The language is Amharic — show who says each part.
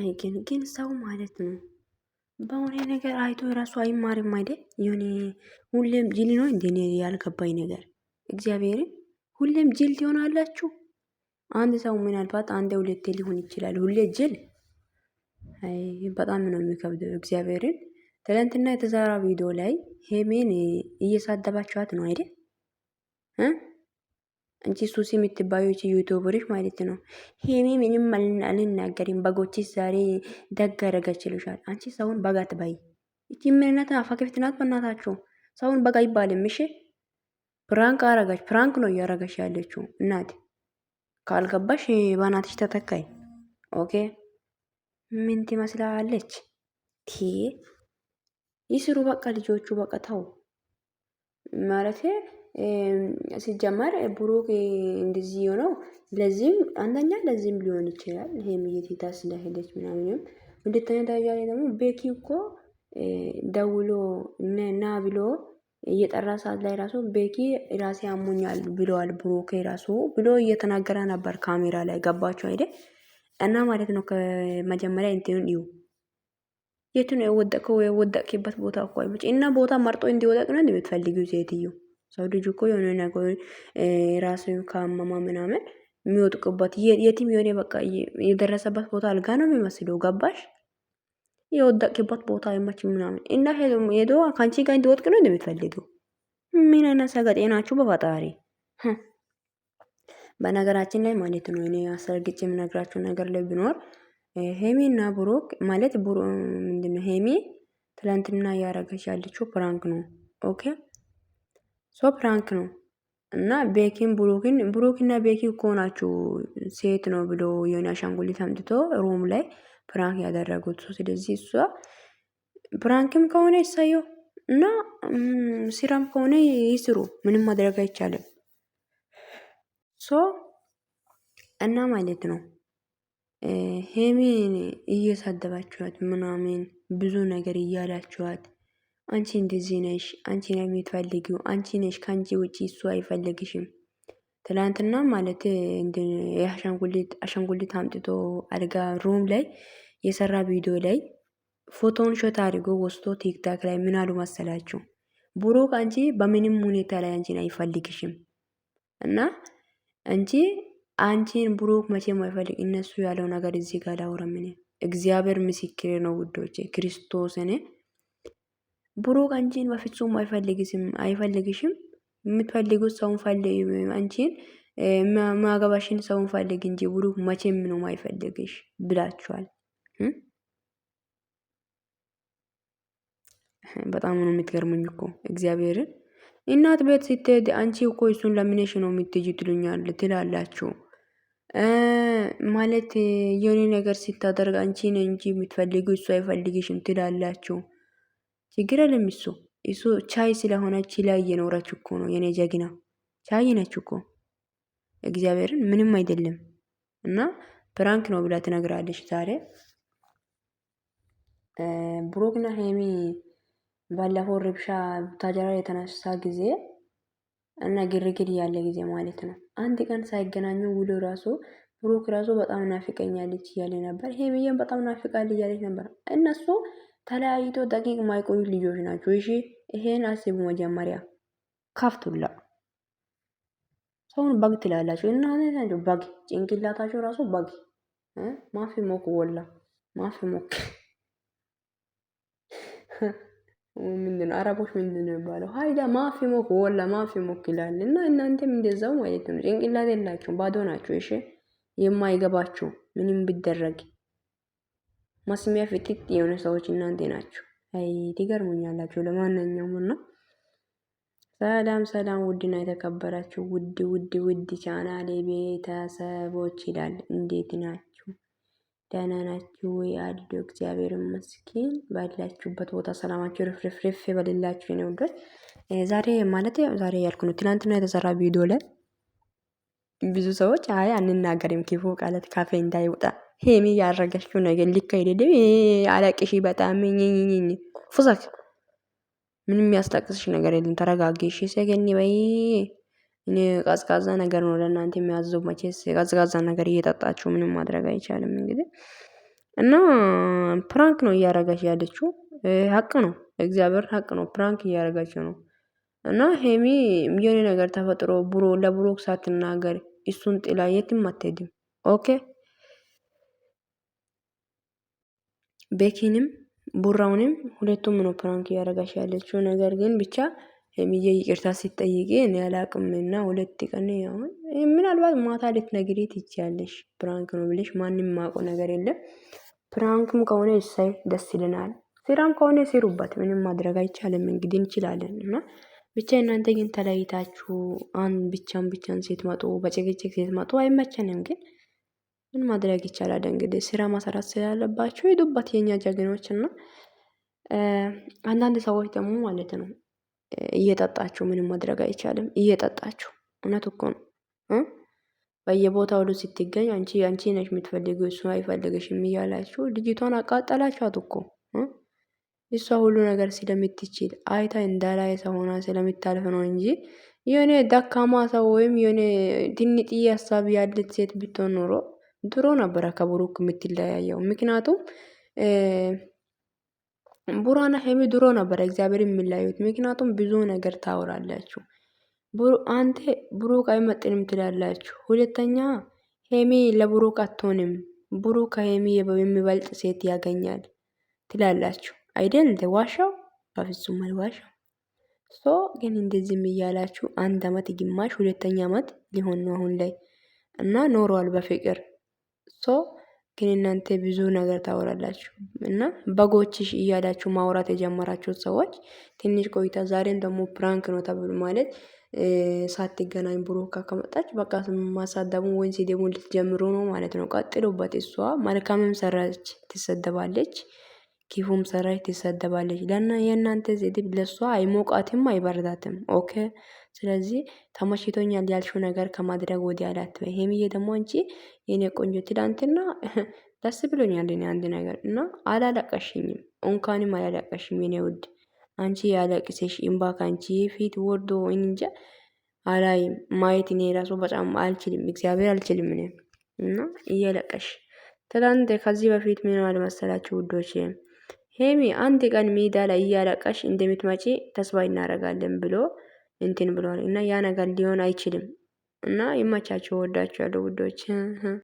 Speaker 1: አይ ግን ግን ሰው ማለት ነው በሆነ ነገር አይቶ የራሱ አይማርም አይደል? የሆነ ሁሌም ጅል ነው እንደ እኔ ያልገባኝ ነገር እግዚአብሔርን ሁሌም ጅል ትሆናላችሁ። አንድ ሰው ምናልባት አንድ ሁለቴ ሊሆን ይችላል። ሁሌ ጅል በጣም ነው የሚከብደው። እግዚአብሔርን ትላንትና የተሰራ ቪዲዮ ላይ ሄሜን እየሳደባችኋት ነው አይደል? አንቺ ሱሲ የምትባዩ እቺ ዩቱበሮች ማለት ነው። ሄሜ ምንም አልናገሪም። በጎችሽ ዛሬ ደግ ይሉሻል። አንቺ ሰውን በጋ ትባይ እቺ ምንነት አፋክፍት ናት። በእናታችሁ ሰውን በጋ ይባል ምሽ ፕራንክ አረጋች። ፕራንክ ነው እያረገች ያለችው እናት። ካልገባሽ በናትሽ ተተካይ። ኦኬ ምን ትመስላለች? ቲ ይስሩ በቃ ልጆቹ በቃ ተው ማለት ሲጀመር ብሩክ እንደዚህ የሆነው ለዚህም አንደኛ ለዚህም ሊሆን ይችላል። ይሄም እየቴታ ስለሄደች ምናምንም። ሁለተኛ ደረጃ ላይ ደግሞ ቤኪ እኮ ደውሎ ና ብሎ እየጠራ ሰዓት ላይ ራሱ ቤኪ ራሴ አሞኛል ብለዋል ብሩክ ራሱ ብሎ እየተናገረ ነበር። ካሜራ ላይ ገባቸው አይደ እና ማለት ነው። ከመጀመሪያ እንትኑን እዩ የቱን የወደቅበት ቦታ እኮ አይመች እና ቦታ መርጦ እንዲወደቅ ነው እንደምትፈልጊው ሴትዮ ሰው ልጅ እኮ የሆነ ነገር ራሱ ካመማ ምናምን የሚወጥቅበት የትም የሆነ በቃ የደረሰበት ቦታ አልጋ ነው የሚመስለው። ገባሽ? የወደቅበት ቦታ አይመች ምናምን እና ሄዶ ከአንቺ ጋር እንዲወጥቅ ነው እንደሚፈልጉ። ምን አይነት ሰገጤ ናችሁ በፈጣሪ። በነገራችን ላይ ማለት ነው እኔ አሰርግጭ የምነግራችሁ ነገር ላይ ቢኖር ሄሚ እና ብሩክ ማለት ምንድነው ሄሚ ትላንትና እያረገች ያለችው ፕራንክ ነው። ኦኬ ሶ ፕራንክ ነው እና ቤኪን ብሩኪን ብሩኪና ቤኪ እኮ ናችሁ ሴት ነው ብሎ የሆነ አሻንጉሊት አምጥቶ ሩም ላይ ፕራንክ ያደረጉት። ስለዚህ እሷ ፕራንክም ከሆነ ይሳየው እና ስራም ከሆነ ይስሩ። ምንም ማድረግ አይቻልም። ሶ እና ማለት ነው ሄሚን እየሳደባችኋት ምናምን ብዙ ነገር እያላችኋት አንቺ እንደዚህ ነሽ፣ አንቺ ነው የምትፈልጊው፣ አንቺ ነሽ፣ ከአንቺ ውጪ እሱ አይፈልግሽም። ትላንትና ማለት አሻንጉሊት አምጥቶ አልጋ ሩም ላይ የሰራ ቪዲዮ ላይ ፎቶን ሾት አድርጎ ወስቶ ቲክታክ ላይ ምን አሉ መሰላችሁ? ቡሩክ አንቺ በምንም ሁኔታ ላይ አንቺን አይፈልግሽም እና አንቺ አንቺን ቡሩክ መቼም አይፈልግ እነሱ ያለው ነገር እዚህ ጋር ላውራ ምን እግዚአብሔር ምስክር ነው ውዶቼ ክርስቶስን ብሩክ አንቺን በፍጹም አይፈልግሽም አይፈልግሽም። የምትፈልጉት ሰውን ፈልግ አንቺን ማገባሽን ሰውን ፈልግ እንጂ ብሩክ መቼም ነው አይፈልግሽ ብላችኋል። በጣም ነው የምትገርመኝ እኮ እግዚአብሔርን። እናት ቤት ስትሄድ አንቺ እኮ እሱን ለምንሽ ነው የምትጅ ትሉኛል ትላላችሁ ማለት የሆነ ነገር ስታደርግ አንቺን እንጂ የምትፈልጉ እሱ አይፈልግሽም ትላላችሁ። ችግር የለም እሱ እሱ ቻይ ስለሆነች ላይ እየኖረች እኮ ነው የኔ ጀግና። ቻይ ነች እኮ እግዚአብሔርን ምንም አይደለም። እና ፕራንክ ነው ብላ ትነግራለች። ዛሬ ብሩክና ሄሚ ባለፈው ርብሻ ታጀራ የተነሳ ጊዜ እና ግርግር ያለ ጊዜ ማለት ነው። አንድ ቀን ሳይገናኙ ውሎ ራሱ ብሩክ ራሱ በጣም ናፍቀኛለች እያለ ነበር። ሄሚዬም በጣም ናፍቃል እያለች ነበር እነሱ ተለያይቶ ደቂቅ ማይቆዩ ልጆች ናቸው። እሺ ይሄን አስቡ መጀመሪያ። ካፍቱላ ሰውን በግ ትላላችሁ እና ናቸው በግ ጭንቅላታቸው ራሱ በግ ማፊ ሞክ ወላ ማፊ ሞክ ምንድን አረቦች ምንድን ነው የሚባለው? ሀይዳ ማፊ ሞክ ወላ ማፊ ሞክ ይላል። እና እናንተም እንደዛው ማለት ነው። ጭንቅላት የላችሁ ባዶ ናችሁ። እሺ የማይገባችሁ ምንም ቢደረግ ማስሚያ ፍጥጥ የሆነ ሰዎች እናንተ ናችሁ። አይ ትገርሙኛላችሁ። ለማንኛውም እና ሰላም ሰላም፣ ውድና የተከበራችሁ ውድ ውድ ውድ ቻናሌ ቤተሰቦች ይላል። እንዴት ናችሁ? ደህና ናችሁ ወይ? አሉ እግዚአብሔር ይመስገን። ባላችሁበት ቦታ ሰላማችሁ ርፍርፍርፍ በሌላችሁ ነው ውዶች፣ ዛሬ ማለት ዛሬ ያልኩ ነው ትናንትና የተሰራ ቪዲዮ ላይ ብዙ ሰዎች አይ አንናገርም ክፉ ቃላት ካፌ እንዳይወጣ ሄሚ ያረገችው ነገር ልክ አለቅሽ በጣም ፉሰክ ምን የሚያስለቅስሽ ነገር የለም። ተረጋጊሽ ሰገኒ በይ። እኔ ቀዝቃዛ ነገር ነው ለእናንተ የሚያዘው። መቼስ ቀዝቃዛ ነገር እየጠጣችሁ ምንም ማድረግ አይቻልም። እንግዲህ እና ፕራንክ ነው እያረገች ያለችው። ሀቅ ነው፣ እግዚአብሔር ሀቅ ነው። ፕራንክ እያረጋችው ነው። እና ሄሚ የሆነ ነገር ተፈጥሮ ብሮ ለብሮክ ሳትናገር እሱን ጥላ የትም አትሄድም። ኦኬ ቤኪንም ቡራውንም ሁለቱም ነው ፕራንክ እያደረጋሽ ያለችው። ነገር ግን ብቻ የሚዬ ይቅርታ ሲጠይቅ እኔ አላቅም እና ሁለት ቀን ሁን ምናልባት ማታ ልትነግሪ ትችያለሽ። ፕራንክ ነው ብለሽ ማንም ማቁ ነገር የለም። ፕራንክም ከሆነ እሳይ ደስ ይለናል። ስራም ከሆነ ሲሩበት ምንም ማድረግ አይቻልም። እንግዲህ እንችላለን እና ብቻ እናንተ ግን ተለይታችሁ አንድ ብቻን ብቻን ሴት መጡ በጭቅጭቅ ሴት መጡ አይመቸንም ግን ምን ማድረግ ይቻላል? እንግዲህ ስራ ማሰራት ስላለባቸው የዱባት የኛ ጀግኖች እና አንዳንድ ሰዎች ደግሞ ማለት ነው እየጠጣችሁ ምንም ማድረግ አይቻልም። እየጠጣችሁ እውነት እኮ ነው። በየቦታው ሁሉ ስትገኝ አንቺ አንቺ ነች የምትፈልጊው እሱ አይፈልግሽም እያላችሁ ልጅቷን አቃጠላችኋት እኮ እሷ ሁሉ ነገር ስለምትችል አይታ እንዳላይ ሰው ሆና ስለምታልፍ ነው እንጂ የሆነ ደካማ ሰው ወይም የሆነ ትንጥዬ ሀሳብ ያለት ሴት ብትሆን ኖሮ ድሮ ነበረ ከብሩክ የምትለያየው። ምክንያቱም ቡራና ሄሚ ድሮ ነበረ እግዚአብሔር የሚለያዩት። ምክንያቱም ብዙ ነገር ታወራላችሁ። አንተ ብሩክ አይመጥንም ትላላችሁ። ሁለተኛ ሄሚ ለብሩክ አትሆንም፣ ብሩክ ከሄሚ የሚበልጥ ሴት ያገኛል ትላላችሁ አይደል? ዋሻው በፍጹም አልዋሻው። ሶ ግን እንደዚህም እያላችሁ አንድ አመት ግማሽ ሁለተኛ አመት ሊሆን ነው አሁን ላይ እና ኖሯል በፍቅር ሶ ግን እናንተ ብዙ ነገር ታወራላችሁ እና በጎችሽ እያላችሁ ማውራት የጀመራችሁት ሰዎች ትንሽ ቆይታ ዛሬም ደግሞ ፕራንክ ነው ተብሎ ማለት ሳትገናኝ ብሩካ ከመጣች በቃ ማሳደቡ ወይም ሲደሙ ልትጀምሩ ነው ማለት ነው። ቀጥሎበት። እሷ መልካምም ሰራች ትሰደባለች፣ ክፉም ሰራች ትሰደባለች። ለና የእናንተ ስድብ ለእሷ አይሞቃትም አይበረዳትም። ኦኬ ስለዚህ ተመችቶኛል ያልሽው ነገር ከማድረግ ወዲያ አላትበይ። ሄምዬ ደግሞ አንቺ የኔ ቆንጆ ትላንትና ደስ ብሎኛል እኔ አንድ ነገር እና አላለቀሽኝም፣ እንኳንም አላለቀሽም የኔ ውድ። አንቺ ያለቅሴሽ እምባ ካንቺ ፊት ወርዶ እንጃ አላይ ማየት እኔ ራሱ በጣም አልችልም፣ እግዚአብሔር አልችልም እኔ እና እየለቀሽ ትላንት ከዚህ በፊት ምን መሰላችሁ ውዶች ሄሚ አንድ ቀን ሜዳ ላይ እያለቀሽ እንደምትመጪ ተስፋ እናደርጋለን ብሎ እንትን ብለዋል እና ያ ነገር ሊሆን አይችልም እና ይመቻቸው። እወዳቸዋለሁ ውዶች።